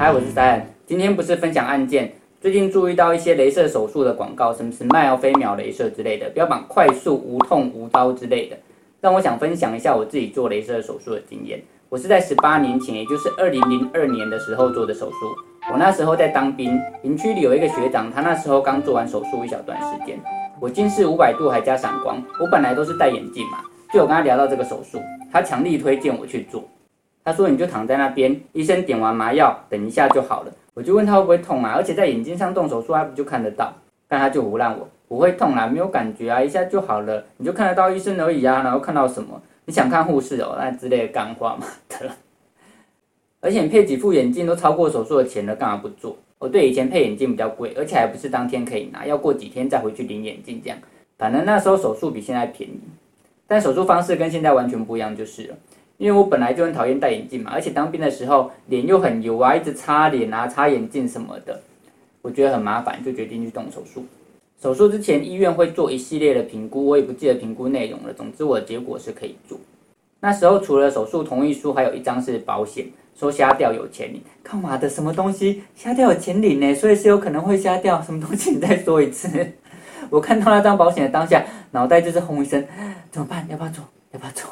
嗨，Hi, 我是三。今天不是分享案件，最近注意到一些鐳射手術的廣告，什麼 SMILE 飛秒鐳射之類的，標榜快速、無痛、無刀之類的。但我想分享一下我自己做鐳射手術的經驗。我是在十八年前，也就是二零零二年的時候做的手術。我那時候在當兵，營區裡有一個學長，他那時候剛做完手術一小段時間。我近視五百度還加散光，我本來都是戴眼鏡嘛。就有跟他聊到這個手術，他強力推薦我去做。他說：“你就躺在那邊，醫生點完麻藥，等一下就好了。”我就問他會不會痛嘛、啊？而且在眼睛上動手術還、啊、不就看得到？但他就唬爛我。不會痛啊，沒有感覺啊，一下就好了，你就看得到醫生而已啊，然後看到什麼？你想看護士哦、喔，那之類的幹話嘛了， 而且你配幾副眼鏡都超過手術的錢了，幹嘛不做？哦，對，以前配眼鏡比較貴，而且還不是當天可以拿，要過幾天再回去領眼鏡這樣。反正那時候手術比現在便宜，但手術方式跟現在完全不一樣就是了。因為我本來就很討厭戴眼鏡嘛，而且當兵的時候臉又很油啊，一直擦臉啊、擦眼鏡什麼的，我覺得很麻煩，就決定去動手術。手術之前醫院會做一系列的評估，我也不記得評估內容了。總之我的結果是可以做。那時候除了手術同意書，還有一張是保險，說瞎掉有錢領。幹嘛的，什麼東西？瞎掉有錢領呢、欸？所以是有可能會瞎掉什麼東西？你再說一次。 我看到那張保險的當下，腦袋就是轟一聲，怎麼辦？要不要做？要不要做？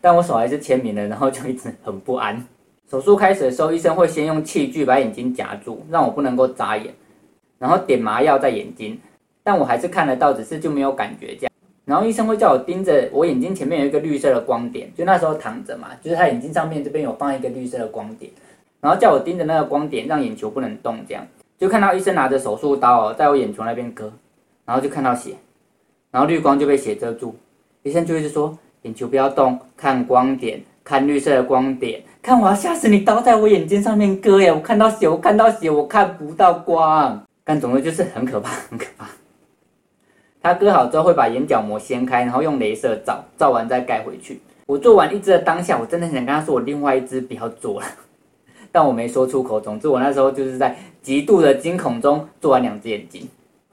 但我手還是簽名了，然後就一直很不安。手術開始的時候，醫生會先用器具把眼睛夾住，讓我不能夠眨眼，然後點麻藥在眼睛。但我還是看得到，只是就沒有感覺這樣。然後醫生會叫我盯着我眼睛前面有一個綠色的光點，就那時候躺着嘛，就是他眼睛上面這邊有放一個綠色的光點，然後叫我盯着那個光點，讓眼球不能動這樣。就看到醫生拿着手術刀在我眼球那邊割，然後就看到血，然後綠光就被血遮住。醫生就一直說。眼球不要動，看光點，看綠色的光點。看我要嚇死你，刀在我眼睛上面割耶、欸，我看到血，我看到血，我看不到光，但總之就是很可怕，很可怕。他割好之後會把眼角膜掀開，然後用雷射照，照完再蓋回去。我做完一只的當下，我真的很想跟他說我另外一只不要做了，但我沒說出口。總之我那時候就是在極度的驚恐中做完兩只眼睛。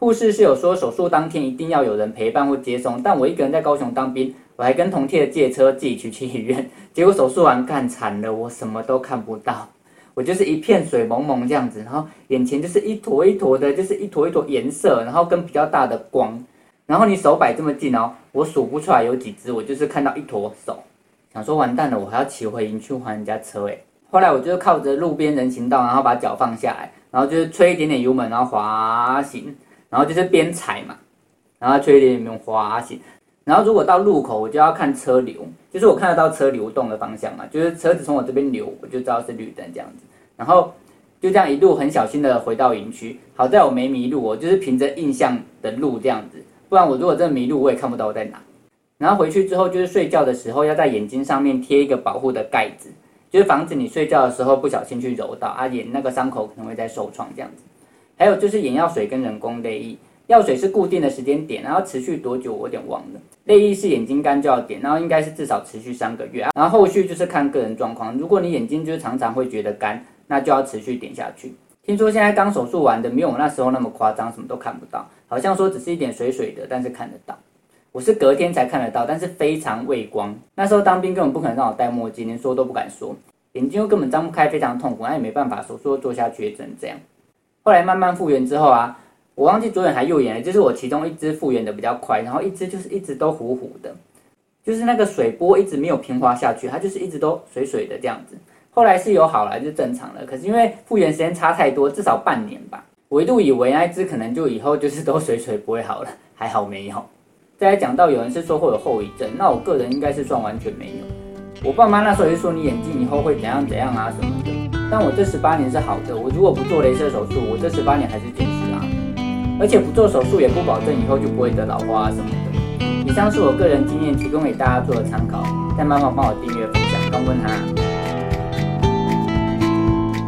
故事是有說手術當天一定要有人陪伴或接送，但我一個人在高雄當兵，我還跟同梯的借車自己去去醫院。結果手術完看慘了，我什麼都看不到，我就是一片水蒙蒙這樣子，然後眼前就是一坨一坨的，就是一坨一坨顏色，然後跟比較大的光。然後你手擺這麼近哦、喔，我數不出來有幾隻，我就是看到一坨手，想說完蛋了，我還要騎回營去還人家車誒、欸、後來我就靠着路邊人行道，然後把腳放下來，然後就是吹一點點油門，然後滑行。然後就是邊踩嘛，然後缺點也沒有滑行。然後如果到路口，我就要看車流，就是我看得到車流動的方向嘛，就是車子從我這邊流，我就知道是綠燈這樣子。然後就這樣一路很小心的回到營區，好在我沒迷路，我就是憑着印象的路這樣子，不然我如果真的迷路，我也看不到我在哪。然後回去之後就是睡覺的時候要在眼睛上面貼一個保護的蓋子，就是防止你睡覺的時候不小心去揉到啊眼那個傷口可能會再受創這樣子。還有就是眼藥水跟人工淚液，藥水是固定的時間點，然後持續多久我有點忘了。淚液是眼睛乾就要點，然後應該是至少持續三個月啊。然後後續就是看個人狀況，如果你眼睛就是常常會覺得乾，那就要持續點下去。聽說現在剛手術完的沒有我那時候那麼誇張，什麼都看不到，好像說只是一點水水的，但是看得到。我是隔天才看得到，但是非常畏光。那時候當兵根本不可能讓我戴墨鏡，連說都不敢說，眼睛又根本張不開，非常痛苦，那也沒辦法，手術做下去也只能這樣。後來慢慢復原之後啊，我忘記左眼還右眼了，就是我其中一隻復原的比較快，然後一隻就是一直都糊糊的，就是那個水波一直沒有平滑下去，它就是一直都水水的這樣子。後來是有好了就正常了，可是因為復原時間差太多，至少半年吧。我一度以為那一隻可能就以後就是都水水不會好了，還好沒有。再來講到有人是說會有後遺症，那我個人應該是算完全沒有。我爸媽那時候也是說你眼睛以後會怎樣怎樣啊什麼的。但我這十八年是好的，我如果不做雷射手術，我這十八年還是近視啊，而且不做手術也不保證以後就不會得老花啊什麼的。以上是我個人經驗，提供給大家做的參考。但媽媽幫我訂閱、分享、關注他。